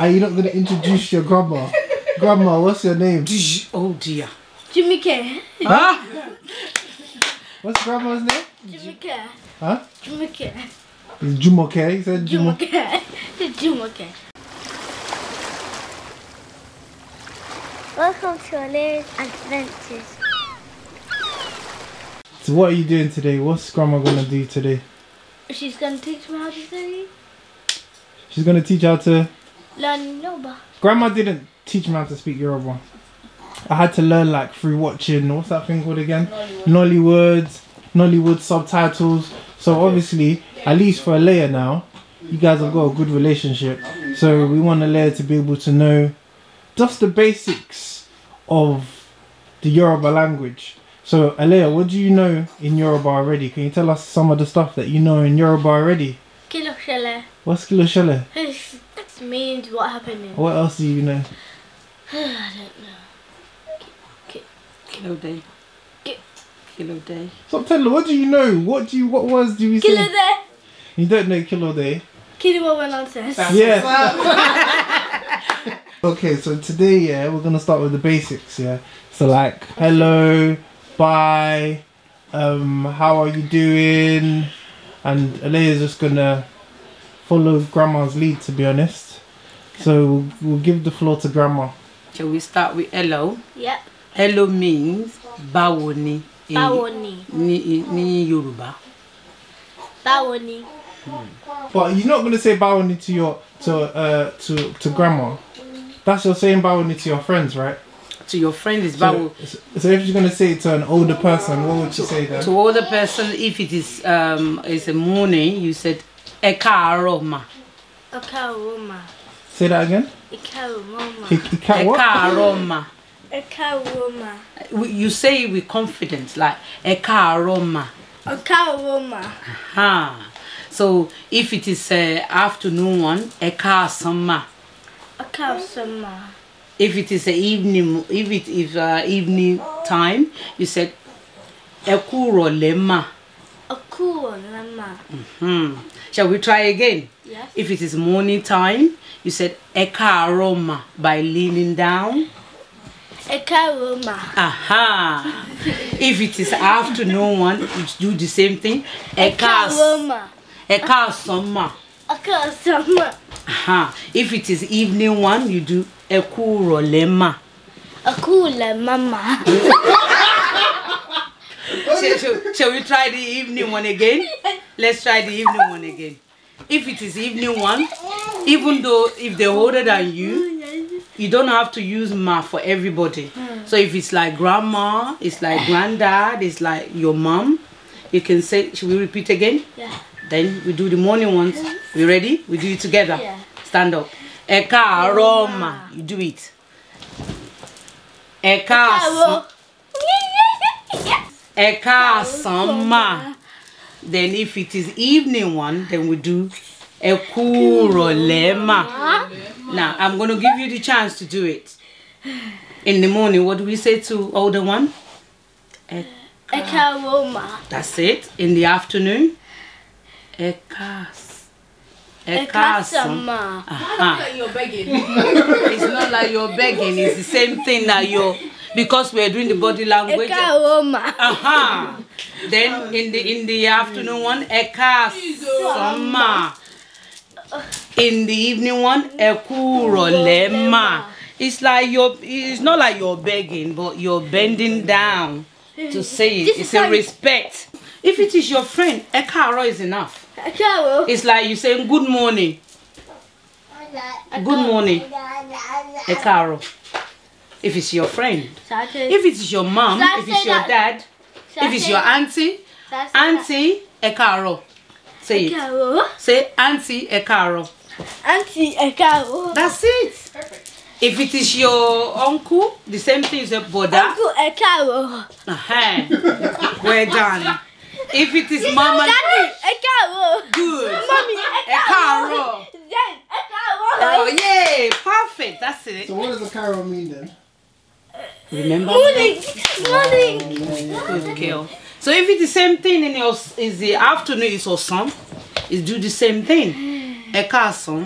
Are you not going to introduce your grandma? grandma, what's your name? Oh dear. Jimmy K. Huh? what's grandma's name? Jimmy K. Huh? Jimmy K. Is that He said Jumoke. Jumoke. Jumoke. Welcome to O'Leary's Adventures. So what are you doing today? What's Grandma going to do today? She's going to teach me how to sing. She's going to teach how to... Grandma didn't teach me how to speak Yoruba. I had to learn like through watching what's that thing called again? Nollywood. Nollywood, subtitles. So obviously, at least for a layer now, you guys have got a good relationship. So we want a layer to be able to know just the basics of the Yoruba language. So Alea, what do you know in Yoruba already? Can you tell us some of the stuff that you know in Yoruba already? Kilo What's kilo means what happened in What else do you know? I don't know. K Kilo day. K Kilo day. Stop telling what do you know? What do you what was do you Kilo day. You don't know Kilo day. Kilo went on says. Yeah. okay, so today yeah, we're gonna start with the basics, yeah. So like hello, bye, um, how are you doing? And Alea's just gonna follow grandma's lead to be honest. So we'll give the floor to Grandma. Shall we start with hello? Yep. Hello means báwo ni. ni. Ni, Yorùbá. Báwo Hmm. But you're not going to say báwo to your to uh to to grandma. That's your saying báwo to your friends, right? To your friend is báwo. So, so if you're going to say it to an older person, what would you say then? To older person, if it is um it's a morning, you said ẹ aroma. Okay, aroma. Say that again. Eka Roma. Eka Roma. You say it with confidence, like Eka Eka Ikaroma. Aha. So if it is uh, afternoon one, Eka Soma. If it is uh, evening, if it is uh, evening time, you said Ekurolema a cool mama. Mm -hmm. Shall we try again? Yes. If it is morning time, you said ekaroma by leaning down. Ekaroma. Aha. if it is afternoon one, you do the same thing. Ekaroma. Ekarsoma. Ekarsoma. Aha. If it is evening one, you do rolema. ekurolema. Rolema. shall, shall, shall we try the evening one again? Let's try the evening one again. If it is evening one, even though if they're older than you, you don't have to use ma for everybody. So if it's like grandma, it's like granddad, it's like your mom, you can say, should we repeat again? Yeah. Then we do the morning ones. We ready? We do it together. Yeah. Stand up. Eka aroma. You do it. Eka. Eka Sama. Then if it is evening one, then we do Ekurolema. Now, I'm going to give you the chance to do it. In the morning, what do we say to older one? Eka. Ekaroma. That's it. In the afternoon? Ekas. Ekasama. Uh -huh. It's not like you're begging. It's the same thing that you're because we are doing the body language. Eka Roma. Oh, uh -huh. Then in the in the afternoon one, Eka Soma. In the evening one, Ekurolema. It's like you're it's not like you're begging, but you're bending down to say it. It's a respect. If it is your friend, Ekaro is enough. Ekaro. Oh. It's like you saying good morning. Good morning. Ekaro. if it's your friend, if it's your mom, if it's your dad, if it's your auntie, auntie Ekaro. Say it. Say auntie Ekaro. Auntie Ekaro. That's it. Perfect. If it is your uncle, the same thing is a brother. Uncle Ekaro. Uh-huh. are done. If it is you mama. Daddy Ekaro. Good. Mommy Ekaro. a Ekaro. Oh, yay. Perfect. That's it. So what does Ekaro mean then? Remember? Morning! Morning! Okay. Oh. So if it's the same thing in your is the afternoon is awesome, is do the same thing. A castle.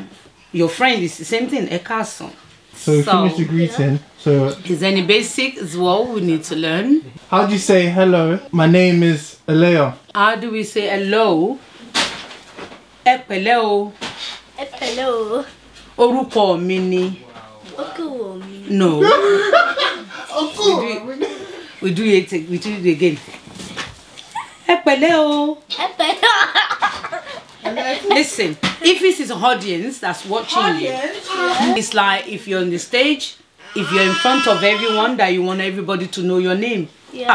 your friend is the same thing. A castle. So, so finish the greeting. Yeah. So is any basic as well we need to learn. How do you say hello? My name is Aleo. How do we say hello? Epeleo. Epeleo. Orúkọ mini. ni. Wow. No. We do it, we do it, again. Ẹ o. Ẹ Listen, if this is an audience that's watching audience? you, it's like if you're on the stage, if you're in front of everyone that you want everybody to know your name. Yeah.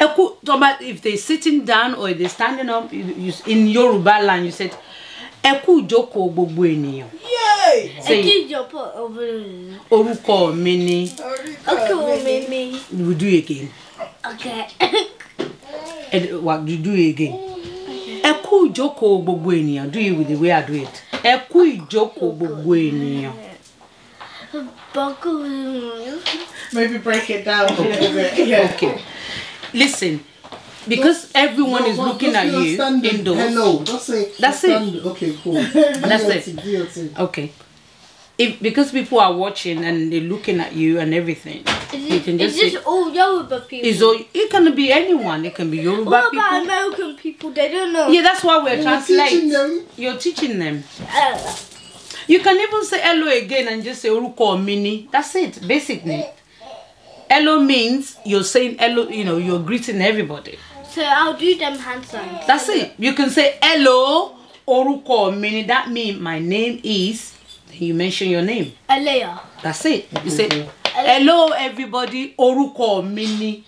Ah. If they're sitting down or they're standing up, you, you, in Yoruba land, you said, Eku Joko ìjókòó Yeah orúkọ mi ni We do again wa you do again ẹ kú ìjókòó gbogbo ènìyàn do it with the way I do it ẹ kú ìjókòó gbogbo ènìyàn. Maybe break it down a little bit. Yeah. Okay. Listen. because everyone no, is looking at you standing. indoors. Hello, that's it. That's it. Okay, cool. that's it. DLT. Okay. If, because people are watching and they're looking at you and everything, is you can just. Is this all Yoruba people? Is all, it can be anyone. It can be Yoruba what people. What about American people? They don't know. Yeah, that's why we're you translating. Teaching You're teaching them. Uh, you can even say hello again and just say Uruko Mini. That's it, basically. Hello means you're saying hello, you know, you're greeting everybody. So I'll do them hand signs. That's it. You can say hello, oruko, meaning that means my name is. You mention your name. Alea. That's it. You say mm-hmm. hello everybody, oruko mini.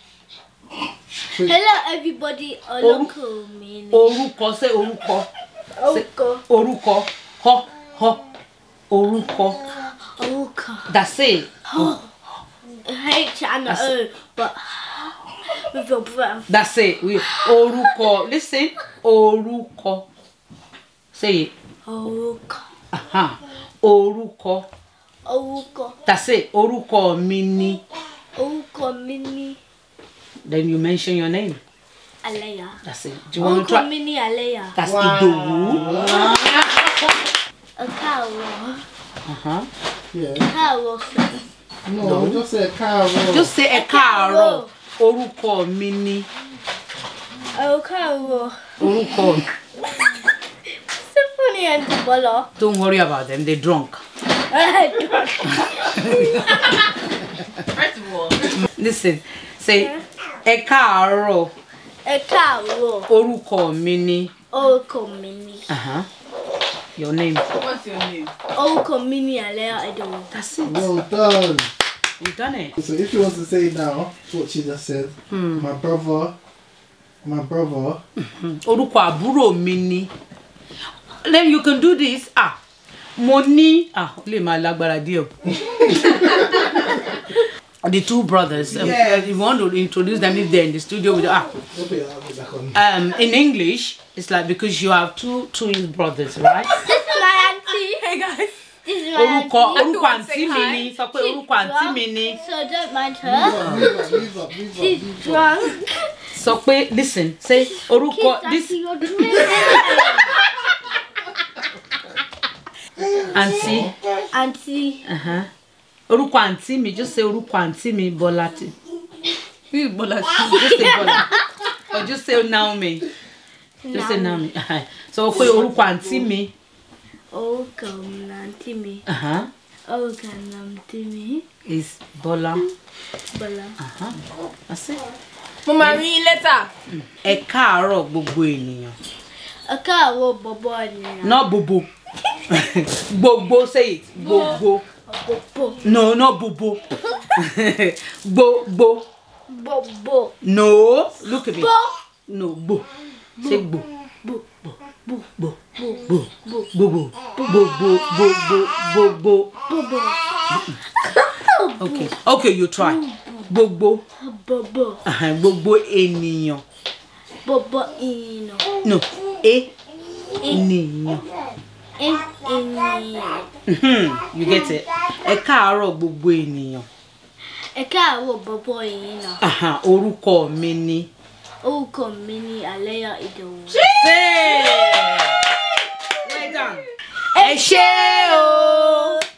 Hello everybody, oruko mini. Oruko say oruko. Oruko. Oruko. Ho ho. Oruko. Oruko. That's it. H and O, but. That's it. We orúkọ. Listen, orúkọ. Say it. Orúkọ. Uh-huh. Orúkọ. Orúkọ. That's it. Orúkọ mini. Orúkọ mini. Then you mention your name. Aleya. That's it. Do you want to try? Orúkọ mi Aleya. That's wow. Idowu. Wow. e káàárọ̀. Uh-huh. Yeah. Ẹ káàárọ̀. No, no, just say a cow. Just say a káàárọ̀. orúkọ mi ni. orúkọ wo. orúkọ mi. so funny and bolo. don't worry about them they drunk. listen say ẹ káàárọ̀. ẹ káàárọ̀. orúkọ mi ni. orúkọ mi ni. Uh-huh. Your name. What's your name? Orúkọ mi ni Alea Edowu. That's it. Well done. You've done it. So if she wants to say now what she just said, hmm. my brother, my brother. Orúkọ àbúrò mini. Then you can do this. Ah, money. ah lè my lag díẹ̀ o. The two brothers. Um, yes. You want to introduce them if they're in the studio with ah. Um, in English, it's like because you have two twin brothers, right? My auntie. Hey guys. orúkọ orúkọ àǹtí mi ni sọ pé orúkọ àǹtí mi ni sọ pé listen ṣe orúkọ àǹtí àǹtí orúkọ àǹtí mi just say orúkọ àǹtí mi Bọ́lá ti Bọ́lá ti just say Bọ́lá or just say Naomi just say Naomi sọ pé orúkọ àǹtí mi. Okamlantimi. Uh huh. Okamlantimi. Is Bola. Bola. Uh huh. That's it. A car or bubu in you. A car or bubu in you. Not bobo. Gbogbo say it. Gbogbo. Bobo. No, no bobo. Gbogbo. Bobo. No, look at me. Bo. No, gbo. Say gbo. Gbo. Gbo gbogbo gbogbo gbogbo gbogbo gbogbo gbogbo. okay okay you try gbogbo gbogbo ènìyàn. gbogbo ènìyàn. no e ènìyàn. e ènìyàn. you get it ẹ káàárọ̀ gbogbo ènìyàn. ẹ káàárọ̀ gbogbo ènìyàn. orúkọ mi ni. orúkọ mi ni Alẹ́yà Ìdòwú. Say, well done. hey, ṣé